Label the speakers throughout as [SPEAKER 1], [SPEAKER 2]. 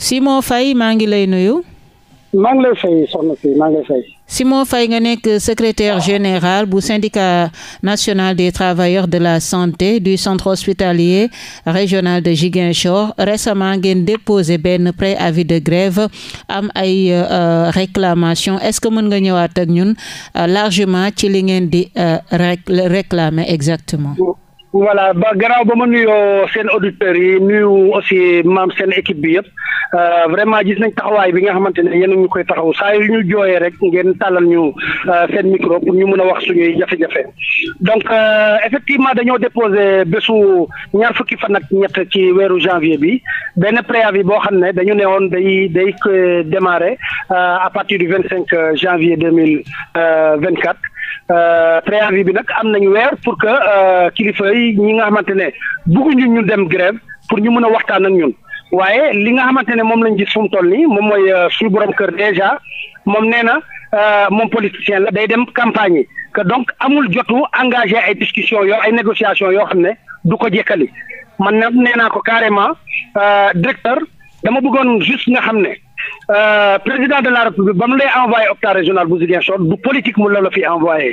[SPEAKER 1] Simon Faye maa ngi lay nuyu.
[SPEAKER 2] maa ngi fay si maa fay.
[SPEAKER 1] Simon Faye nga nekk secrétaire ah. général bu syndicat national des travailleurs de la santé du centre hospitalier régional de Ziguinchor récemment ngeen déposé benn préavis de grève am ay euh, euh, réclamation est-ce que mën nga ñëwaat ak ñun euh, largement ci li ngeen di réclamer exactement.
[SPEAKER 2] voilà ba garaaw ba ma nuyoo seen auditeurs yi nuyu aussi maam seen équipe bi yëpp euh, vraiment gis nañ taxawaay bi nga xamante ne yéen ñu koy taxaw saa yu ñu jooyee rek ngeen tàllal ñu euh, seen micro pour ñu mën a wax suñuy jafe-jafe donc euh, effectivement dañoo déposé bésu ñaar fukki fan ak ñett ci weeru janvier bi benn préavis boo xam ne dañu ne woon day day démarrer à partir du vingt cinq janvier deux mille vingt quatre Euh, préavis bi nag am nañu weer pour que euh, kilifa yi ñi nga xamante ne bëgguñu ñu dem grève pour ñu mën a waxtaan ak ñun waaye li nga xamante ne moom lañ gis fu mu toll nii moom mooy euh, suñu borom kër déjà moom nee na moom politicien la day dem campagne que donc amul jotu engagé ay discussion yoo ay négociation yoo xam ne du ko jekkali man nag nee naa ko carrément directeur dama bëggoon juste nga xam ne. Euh, président de la république ba mu lay envoyé hôpital régional bu Ziguinchor du politique mu la la fi envoyé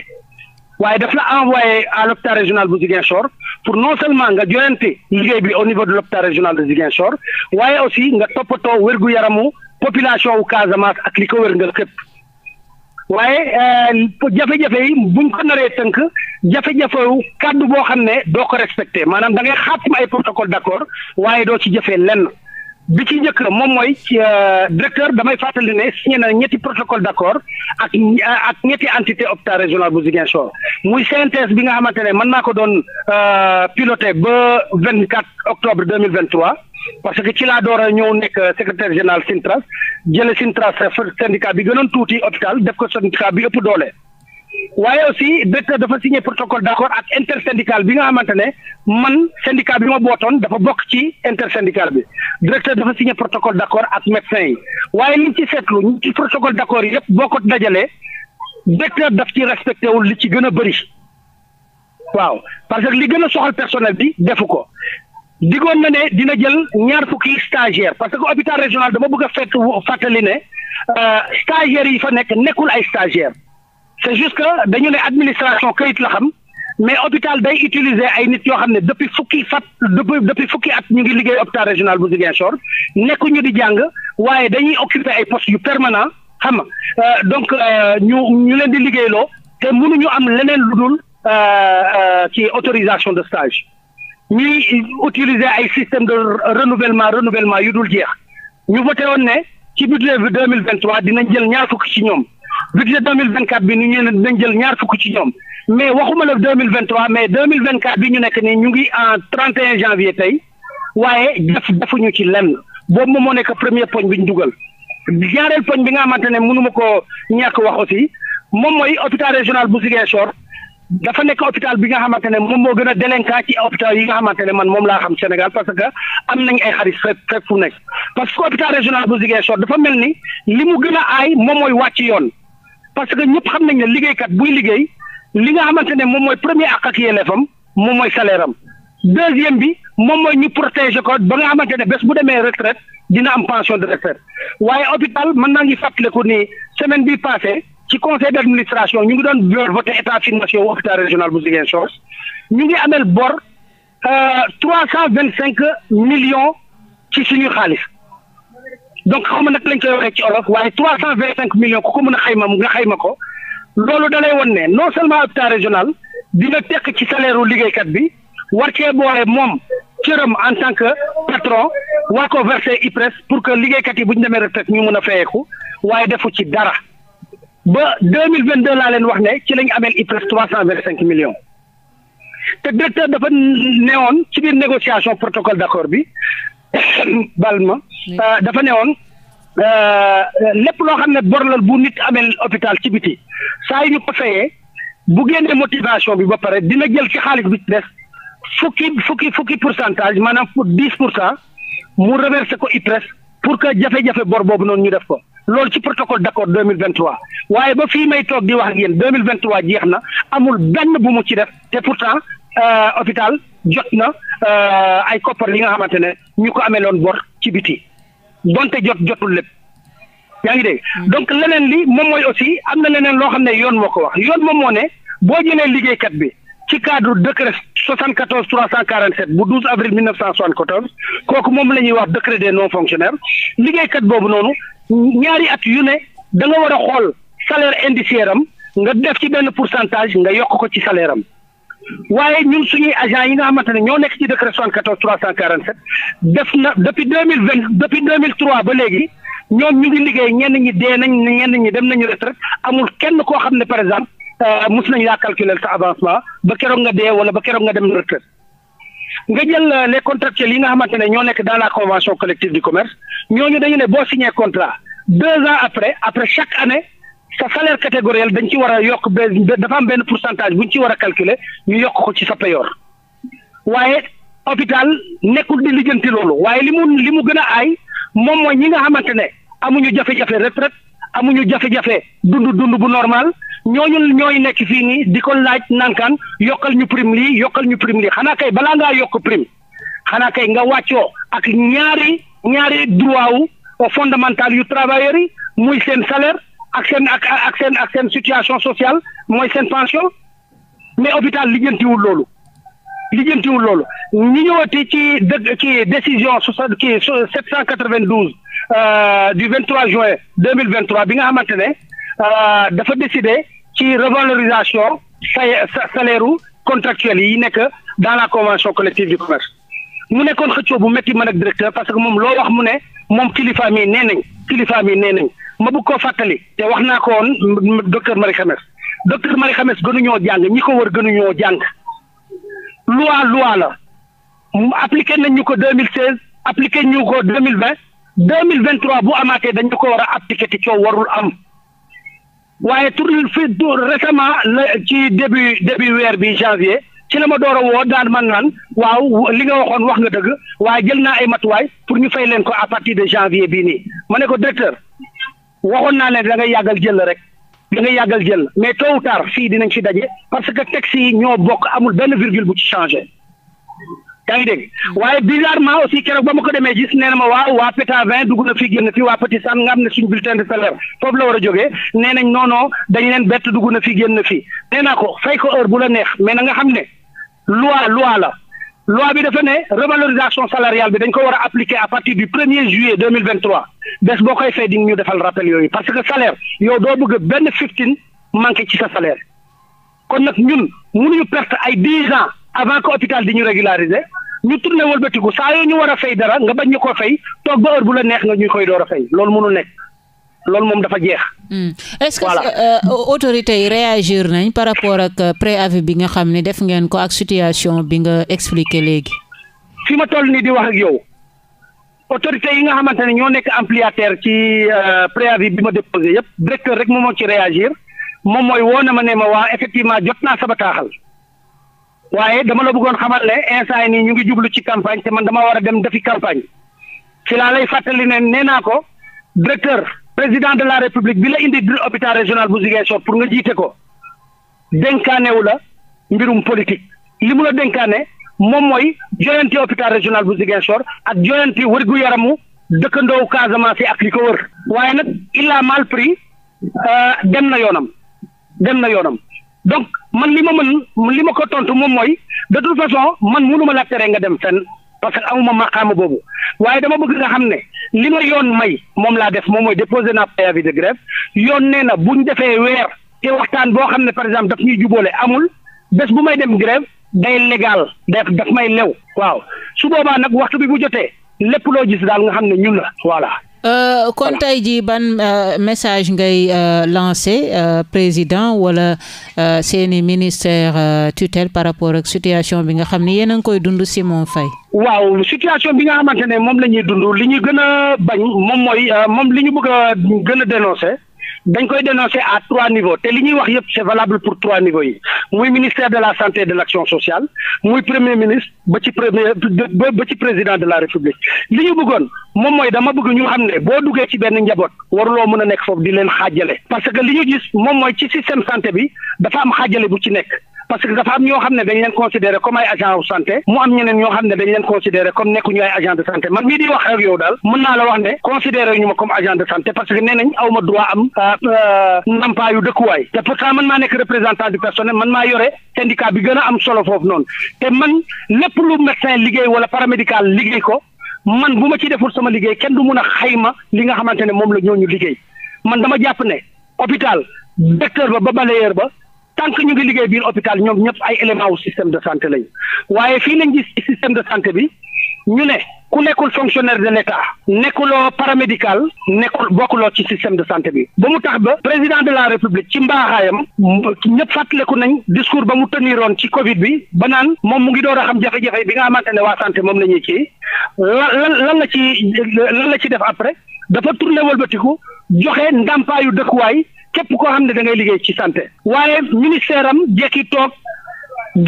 [SPEAKER 2] waaye daf la envoyé à l'hôpital régional bu Ziguinchor pour non seulement nga joyante liggéey bi au niveau de l'hôpital régional de Ziguinchor waaye aussi nga toppatoo wérgu yaramu population wu Casamance ak li ko wér nga képp waaye euh, jafe-jafe yi buñ ko naree tënk jafe-jafe wu kàddu boo xam ne doo ko respecté maanaam da ngay xaatim ay protocole d'accord waaye doo ci jëfee lenn bi ci njëkk moom mooy euh, directeur damay fàttali ne signé na ñetti protocole d'accord ak euh, ak ñetti antité hôpital régional bu Ziguinchor muy CNTS bi nga xamante ne mën naa ko doon euh, piloté ba vingt quatre octobre deux mille vingt trois parce que ci laa door a ñëw nekk secrétaire général Sintras jële Sintras syndicat bi gënoon tuuti hôpital def ko syndicat bi ëpp doole. waaye aussi directeur dafa signé protocole d'accord ak intersyndical bi nga xamante ne man syndicat bi ma bootoon dafa bokk ci intersyndical bi directeur dafa signé protocole d'accord ak médecin yi waaye liñ ci seetlu ñu ci protocole d'accord yëpp boo ko dajalee directeur daf ci respecté wul li ci gën a bëri waaw parce que li gën a soxal personnel bi defu ko digoon na ne dina jël ñaar fukki stagiaire parce que hôpital régional dama bëgg a fett fàttali ne euh, stagiaires yi fa nekk nekkul ay stagiaires. c' est juste que dañu ne administration kayit la xam mais hôpital day utiliser ay nit yoo xam ne depuis fukki fat depuis fukki at ñu ngi liggéey hôpital régional bu Ziguinchor nekkuñu di jàng waaye dañuy occuper ay postes yu permanent xam nga euh, donc euh, ñu ñu leen di liggéeyloo te mënuñu am leneen lu dul euh, ci autorisation de stage ñuy utiliser ay système de renouvellement renouvellement yu dul jeex ñu voté woon ne ci budget bi deux mille vingt trois dinañ jël ñaar fukki ci ñoom. budget deux mille vingt quatre bi ni ñu ne dañ jël ñaar fukk ci ñoom mais waxuma la deux mille vingt trois mais deux mille vingt quatre ñu nekk ñu ngi en trente et un janvier tey waaye def defuñu ci lenn boobu moom moo nekk premier poñ bi ñu dugal ñaareel poñ bi nga xamante ne mënuma ko ñàkk wax aussi moom mooy hôpital régional bu Ziguinchor dafa nekk hôpital bi nga xamante ne moom moo gën a délinquant ci hôpital yi nga xamante ne man moom laa xam Sénégal parce que am nañ ay xarit fépp fépp fu nekk parce que hôpital régional bu Ziguinchor dafa mel ni li mu gën a aay moom mooy wàcc yoon. parce que ñëpp xam nañ ne liggéeykat buy liggéey li nga xamante ne moom mooy premier ak ak yelleefam moom mooy salaire am deuxième bi moom mooy ñu protéger ko ba nga xamante ne bés bu demee retraite dina am pension de retraite waaye hôpital man naa ngi fàttaliku ni semaine bi passée ci conseil de administration ñu ngi doon voté état financier wu hôpital régional bu Ziguinchor ñu ngi amel bor euh, trois cent vingt cinq million ci suñu xaalis donc xaw ma nag lañ koy waxee ci olof waaye trois cent vingt cinq millions ku ko mën a xayma nga xayma ko loolu dalay won ne non seulement hôpital régional dina tekk ci salaire liggéeykat bi war kee boole moom cëram en tant que patron war ko verser IPRES pour que liggéeykat yi bu ñu demee retraite ñu mën a fayeeku waaye defu ci dara ba deux mille vingt deux laa leen wax ne ci lañ ameel IPRES trois cent vingt cinq millions te directeur dafa newoon ci biir négociation protocole d'accord bi bal ma euh, dafa newoon euh, lépp loo xam ne bor la bu nit amee hôpital ci biti saa yu ñu ko fayee bu génnee motivation bi ba pare dina jël ci xaalis bi ci des fukki fukki fukki pourcentage maanaam dix pour cent mu reversé ko IPRES pour que jafe-jafe bor boobu noonu ñu def ko loolu ci protocole d'accord deux mille vingt trois waaye ba fii may toog di wax ak yéen deux mille vingt trois jeex na amul benn bu mu ci def te pour pourtant euh, hôpital jot na ay koppar li nga xamante ne. ñu ko amee loon bor ci biti donte jot jotul lépp yaa ngi dégg mm. donc leneen li moom mooy aussi am na leneen loo xam ne yoon moo ko wax yoon moom moo ne boo jëlee liggéeykat bi ci cadre décret 74 347 bu 12 avril 1974 kooku moom la ñuy wax décret des non fonctionnaires liggéeykat boobu noonu ñaari at yu ne da nga war a xool salaire indiciaire am nga def ci benn pourcentage nga yokk ko ci salaire am waaye ñun suñuy agent yi nga xamante ne ñoo nekk ci décret soixante quatorze trois cent quarante sept def na depuis deux mille vingt depuis deux mille trois ba léegi ñoom ñu ngi liggéey ñenn ñi dee nañ ñenn ñi dem nañu retraite amul kenn koo xam ne par exemple euh, mus nañ laa calculer sa avancement ba keroog nga dee wala ba keroog nga dem retraite nga jël euh, les contractuels yi nga xamante ne ñoo nekk dans la convention collective du commerce ñooñu dañu ne boo signé contrat deux ans après après chaque année sa salaire catégoriel dañ ci war a yokk dafa am benn pourcentage bu ñu ci war a calculer ñu yokk ko ci sa payoor waaye hôpital nekkul di lijjanti loolu waaye li mu li mu gën a aay moom mooy ñi nga xamante ne amuñu jafe-jafe retraite amuñu jafe-jafe dund dund bu normal ñooñu ñooy nekk fii nii di ko laaj nankaan yokkal ñu prime lii yokkal ñu prime lii xanaa kay balaa ngaa yokk prime xanaa kay nga wàccoo ak ñaari ñaari droit wu fondamental yu travailleurs muy seen salaire ak seen ak ak seen ak seen situation sociale mooy seen mais hôpital lijjantiwul loolu lijjantiwul loolu ñu ñëwati ci dëgg ci décision soixante kii sept cent quatre vingt douze euh, du vingt juin deux mille vingt bi nga xamante ne euh, dafa décider ci revalorisation salaire u contractuel yi nekk dans la convention collective du commerce mu nekkoon xëccoo bu métti man ak directeur parce que moom loo wax mu ne moom kilifa yi nee nañ kilifaam yi nee nañ ma bëgg koo fàttali te wax naa ko woon docteur Marie Khemesse docteur Marie Khemesse gënuñoo jàng ñi ko wër gënuñoo jàng loi loi la mu appliqué nañ ñu ko deux mille seize appliqué ñu ko deux mille vingt deux mille vingt trois bu amaatee dañu ko war a appliqué te coow warul am waaye tur fi récemment la ci débu débu weer bi janvier ci la ma door a woo daan man naan waaw li nga waxoon wax nga dëgg waaye jël naa ay matuwaay pour ñu fay leen ko à partir de janvier bii nii ma ne ko directeur. waxoon naa ne da ngay yàggal jël rek da ngay yàggal jël mais tôt ou tard fii dinañ fi daje parce que texte yi ñoo bokk amul benn virgule bu ci changé yaa ngi dégg waaye bizarrement aussi keroog ba ma ko demee gis nee na ma waaw waa Pétain 20 dugg na fi génn fi waa Petit Sane nga am ne suñu bulletin de salaire foofu la war a jógee nee nañ non non dañu leen bett dugg na fi génn fi nee naa ko fay ko heure bu la neex mais na nga xam ne loi loi la. loi bi dafa ne revalorisation salariale bi dañ ko war a appliquer à partir du premier juillet deux mille vingt trois bés boo koy fay di ñu defal rappel yooyu parce que salaire yow doo bëgg benn fifteen manqué ci sa salaire kon nag ñun mënuñu perte ay dix ans avant que hôpital di ñu régulariser ñu tourné wëlbatiku saa yoo ñu war a fay dara nga bañ ñu ko fay toog ba heure bu la neex nga ñu koy door a fay loolu mënul nekk. loolu moom dafa jeex. Hmm.
[SPEAKER 1] est-ce que euh, autorités yi réagir nañ par rapport ak euh, préavis bi nga xam ne def ngeen ko ak situation bi nga expliqué léegi.
[SPEAKER 2] fi ma toll nii di wax ak yow autorités yi nga xamante ne ñoo nekk ampliataire ci euh, préavis bi ma déposé yëpp directeur rek moom moo ci réagir moom mooy woo na ma ne ma waa effectivement jot naa sa bataaxal waaye dama la bëggoon xamal ne instant yi nii ñu ngi jublu ci campagne te man dama war a dem defi campagne ci laa lay fàttali ne nee naa ko directeur. président de la république bi la indi biir hôpital régional bu Ziguinchor pour nga jiite ko dénkaanewu la mbirum politique li mu la dénkaane moom mooy jonenti hôpital régional bu Ziguinchor ak jonenti gu yaramu dëkkandoowu Casamance ak li ko wër waaye nag il a mal pris euh, dem na yoonam dem na yoonam donc man li ma mën li ma ko tontu moom mooy de toute façon man mënuma la tere nga dem fenn parce que amuma maqaama boobu waaye dama bëgg nga xam ne li ma yoon may moom laa def moom mooy déposé naa préavis de grève yoon nee na buñ defee weer te waxtaan boo xam ne par exemple daf ñuy jubóole amul bés bu may dem grève day légal daf daf may lew waaw su boobaa nag waxtu bi bu jotee lépp loo gis daal nga xam ne ñun la voilà.
[SPEAKER 1] Euh, kon tey jii ban euh, message ngay euh, lancer président wala seeni ministère tutelle par rapport ak situation bi nga xam ni yéen a ngi koy dund
[SPEAKER 2] Simon Faye waaw situation bi nga xamante ne moom la ñuy dund li ñu gën a bañ moom mooy moom li ñu bëgg gën a dénoncer dañ koy dénoncer à trois niveaux te li ñuy wax yëpp c'est valable pour trois niveaux yi muy ministère de la santé et de l'action sociale muy premier ministre ba ci premier ba ci président de la république li ñu bëggoon moom mooy dama bëgg ñu xam ne boo duggee ci benn njaboot waruloo mën a nekk foofu di leen xaajale parce que li ñu gis moom mooy ci système santé bi dafa am xaajale bu ci nekk parce que dafa am ñoo xam ne dañ leen considéré comme ay agent de santé mu am ñeneen ñoo xam ne dañ leen considéré comme nekkuñu ay agent de santé man mii di wax ak yow daal mën naa la wax ne considéré ñu ma comme agent de santé parce que nee nañ aw ma droit am ah, ah, nampaayu dëkkuwaay te pourtant man maa nekk représentant du personnel man maa yore syndicat bi gën a am solo foofu noonu te man lépp lu médecin liggéey wala paramédical liggéey ko man bu ma ci deful sama liggéey kenn du mun a xayma li nga xamante ne moom la ñooñu liggéey man dama jàpp ne hôpital docteur ba ba balayeur ba tant que ñu ngi liggéey biir hôpital ñoom ñëpp ay élément wu système de santé lañu waaye fii lañ gis système de santé bi ñu ne ku nekkul fonctionnaire de l'État nekkuloo paramédical nekkul bokkuloo ci système de santé bi ba mu tax ba président de la république ci mbaaxaayam ñëpp fàttaliku nañ discours ba mu tëniroon ci Covid bi ba naan moom mu ngi door a xam jafe-jafe bi nga xamante ne waa santé moom la ñuy kii lan lan la ci lan la ci def après dafa tourné wëlbatiku joxe ndàmpaayu dëkkuwaay. képp koo xam ne da ngay liggéey ci santé waaye ministère am jekki toog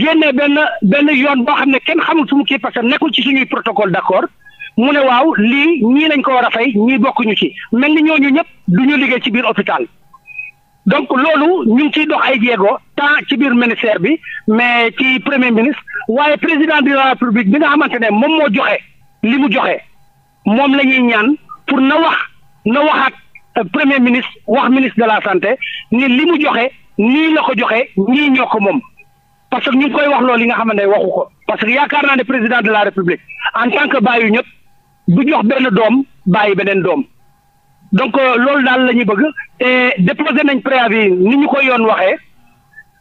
[SPEAKER 2] génne benn benn yoon boo xam ne kenn xamul su mu kii parce que nekkul ci suñuy protocole d'accord mu ne waaw lii ñii lañ ko war a fay ñii bokkuñu ci mel ni ñooñu ñëpp duñu liggéey ci biir hôpital donc loolu ñu ngi ciy dox ay jéego temps ci biir ministère bi mais ci premier ministre waaye président de la république bi nga xamante ne moom moo joxe li mu joxe moom la ñuy ñaan pour na wax na Euh, premier ministre wax ministre de la santé ni li mu joxe nii la ko joxe ñii ñoo ko moom parce que ñu ngi koy wax loolu yi nga xamante ne waxu ko parce que yaakaar naa ne président de la république en tant que bàyyi ñëpp du jox benn doom bàyyi beneen doom donc euh, loolu daal lañu ñuy bëgg te déposé nañ préavis ni ñu ko yoon waxee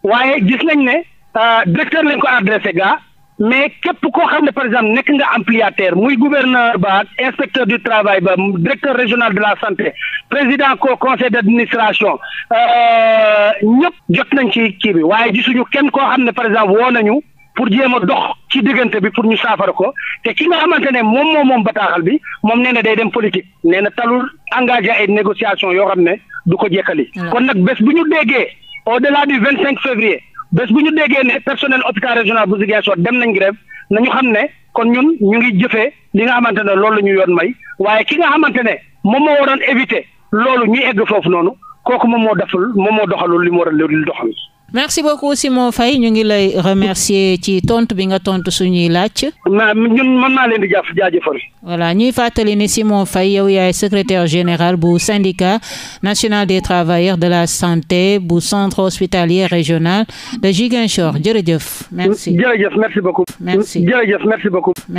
[SPEAKER 2] waaye gis nañ ne euh, directeur lañ ko adressé gaa mais képp koo xam ne par exemple nekk nga ampliataire muy gouverneur ba inspecteur du travail ba directeur régional de la santé président ko conseil d'administration euh, ñëpp jot nañ ci kii bi waaye gisuñu kenn koo xam ne par exemple woo nañu pour jéem a dox ci diggante bi pour ñu saafara ko te ki nga xamante ne moom moom moom bataaxal bi moom nee na day dem politique nee na talul engagé ay négociation yoo xam ne du ko jekkali ah. kon nag bés bu ñu déggee o de du vingt bés bu ñu déggee ne personnel hôpital régional bu Ziguinchor dem nañ grève nañu xam ne kon ñun ñu ngi jëfee li nga xamante ne loolu la ñu yoon may waaye ki nga xamante ne moom moo waroon éviter loolu ñu egg foofu noonu kooku moom moo deful moom moo doxalul li mu war a doxal
[SPEAKER 1] merci beaucoup Simon fay ñu ngi lay remercier ci tontu bi nga tontu suñuy laaj.
[SPEAKER 2] naa ñun di jaaf jaajëfal.
[SPEAKER 1] voilà ñuy fàttali ni Simon fay yow yaay secrétaire général bu syndicat national des travailleurs de la santé bu centre hospitalier régional de Ziguinchor jërëjëf.
[SPEAKER 2] merci jërëjëf merci beaucoup. merci jërëjëf merci beaucoup.